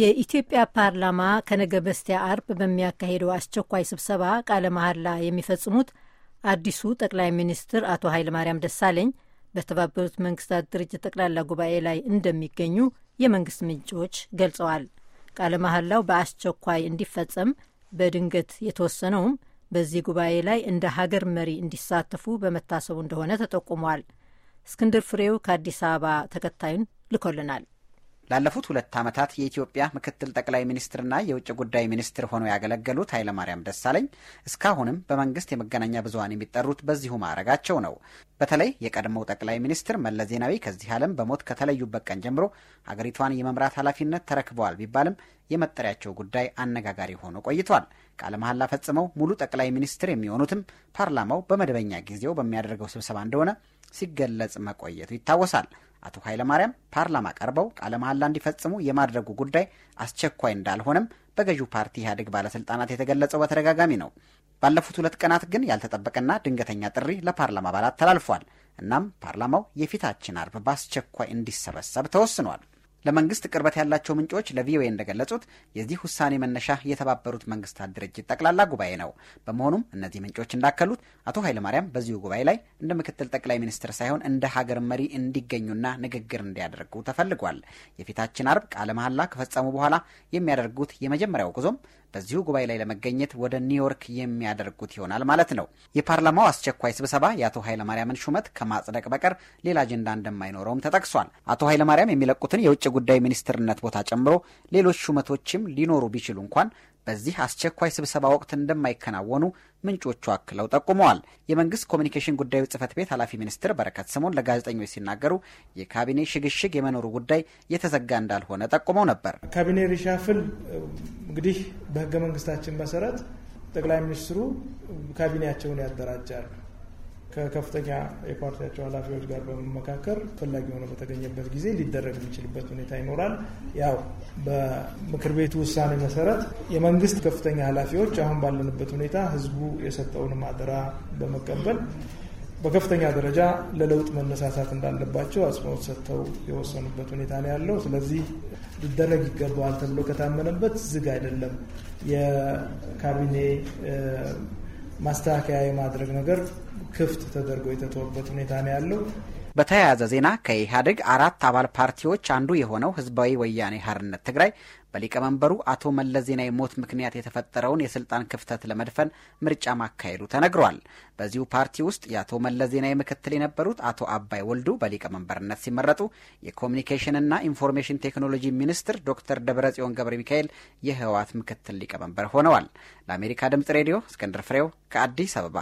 የኢትዮጵያ ፓርላማ ከነገ በስቲያ አርብ በሚያካሄደው አስቸኳይ ስብሰባ ቃለ መሐላ የሚፈጽሙት አዲሱ ጠቅላይ ሚኒስትር አቶ ኃይለማርያም ደሳለኝ በተባበሩት መንግስታት ድርጅት ጠቅላላ ጉባኤ ላይ እንደሚገኙ የመንግስት ምንጮች ገልጸዋል። ቃለ መሐላው በአስቸኳይ እንዲፈጸም በድንገት የተወሰነውም በዚህ ጉባኤ ላይ እንደ ሀገር መሪ እንዲሳተፉ በመታሰቡ እንደሆነ ተጠቁሟል። እስክንድር ፍሬው ከአዲስ አበባ ተከታዩን ልኮልናል። ላለፉት ሁለት ዓመታት የኢትዮጵያ ምክትል ጠቅላይ ሚኒስትርና የውጭ ጉዳይ ሚኒስትር ሆነው ያገለገሉት ኃይለማርያም ደሳለኝ እስካሁንም በመንግስት የመገናኛ ብዙሀን የሚጠሩት በዚሁ ማዕረጋቸው ነው። በተለይ የቀድሞው ጠቅላይ ሚኒስትር መለስ ዜናዊ ከዚህ ዓለም በሞት ከተለዩበት ቀን ጀምሮ አገሪቷን የመምራት ኃላፊነት ተረክበዋል ቢባልም የመጠሪያቸው ጉዳይ አነጋጋሪ ሆኖ ቆይቷል። ቃለ መሐላ ፈጽመው ሙሉ ጠቅላይ ሚኒስትር የሚሆኑትም ፓርላማው በመደበኛ ጊዜው በሚያደርገው ስብሰባ እንደሆነ ሲገለጽ መቆየቱ ይታወሳል። አቶ ኃይለማርያም ፓርላማ ቀርበው ቃለ መሐላ እንዲፈጽሙ የማድረጉ ጉዳይ አስቸኳይ እንዳልሆነም በገዢው ፓርቲ ኢህአዴግ ባለስልጣናት የተገለጸው በተደጋጋሚ ነው። ባለፉት ሁለት ቀናት ግን ያልተጠበቀና ድንገተኛ ጥሪ ለፓርላማ አባላት ተላልፏል። እናም ፓርላማው የፊታችን አርብ በአስቸኳይ እንዲሰበሰብ ተወስኗል። ለመንግስት ቅርበት ያላቸው ምንጮች ለቪኦኤ እንደገለጹት የዚህ ውሳኔ መነሻ የተባበሩት መንግስታት ድርጅት ጠቅላላ ጉባኤ ነው። በመሆኑም እነዚህ ምንጮች እንዳከሉት አቶ ኃይለማርያም በዚሁ ጉባኤ ላይ እንደ ምክትል ጠቅላይ ሚኒስትር ሳይሆን እንደ ሀገር መሪ እንዲገኙና ንግግር እንዲያደርጉ ተፈልጓል። የፊታችን አርብ ቃለ መሐላ ከፈጸሙ በኋላ የሚያደርጉት የመጀመሪያው ጉዞም በዚሁ ጉባኤ ላይ ለመገኘት ወደ ኒውዮርክ የሚያደርጉት ይሆናል ማለት ነው። የፓርላማው አስቸኳይ ስብሰባ የአቶ ኃይለማርያምን ሹመት ከማጽደቅ በቀር ሌላ አጀንዳ እንደማይኖረውም ተጠቅሷል። አቶ ኃይለማርያም የሚለቁትን የውጭ ጉዳይ ሚኒስትርነት ቦታ ጨምሮ ሌሎች ሹመቶችም ሊኖሩ ቢችሉ እንኳን በዚህ አስቸኳይ ስብሰባ ወቅት እንደማይከናወኑ ምንጮቹ አክለው ጠቁመዋል። የመንግስት ኮሚኒኬሽን ጉዳዩ ጽህፈት ቤት ኃላፊ ሚኒስትር በረከት ስምኦን ለጋዜጠኞች ሲናገሩ የካቢኔ ሽግሽግ የመኖሩ ጉዳይ የተዘጋ እንዳልሆነ ጠቁመው ነበር። ካቢኔ ሪሻፍል እንግዲህ በህገ መንግስታችን መሰረት ጠቅላይ ሚኒስትሩ ካቢኔያቸውን ያደራጃሉ። ከከፍተኛ የፓርቲያቸው ኃላፊዎች ጋር በመመካከር ፈላጊ ሆነ በተገኘበት ጊዜ ሊደረግ የሚችልበት ሁኔታ ይኖራል። ያው በምክር ቤቱ ውሳኔ መሰረት የመንግስት ከፍተኛ ኃላፊዎች አሁን ባለንበት ሁኔታ ህዝቡ የሰጠውን አደራ በመቀበል በከፍተኛ ደረጃ ለለውጥ መነሳሳት እንዳለባቸው አጽንኦት ሰጥተው የወሰኑበት ሁኔታ ነው ያለው። ስለዚህ ሊደረግ ይገባዋል ተብሎ ከታመነበት ዝግ አይደለም። የካቢኔ ማስተካከያ የማድረግ ነገር ክፍት ተደርጎ የተተወበት ሁኔታ ነው ያለው። በተያያዘ ዜና ከኢህአዴግ አራት አባል ፓርቲዎች አንዱ የሆነው ህዝባዊ ወያኔ ሀርነት ትግራይ በሊቀመንበሩ አቶ መለስ ዜናዊ ሞት ምክንያት የተፈጠረውን የስልጣን ክፍተት ለመድፈን ምርጫ ማካሄዱ ተነግሯል። በዚሁ ፓርቲ ውስጥ የአቶ መለስ ዜናዊ ምክትል የነበሩት አቶ አባይ ወልዱ በሊቀመንበርነት ሲመረጡ የኮሚኒኬሽንና ኢንፎርሜሽን ቴክኖሎጂ ሚኒስትር ዶክተር ደብረጽዮን ገብረ ሚካኤል የህወሓት ምክትል ሊቀመንበር ሆነዋል። ለአሜሪካ ድምጽ ሬዲዮ እስክንድር ፍሬው ከአዲስ አበባ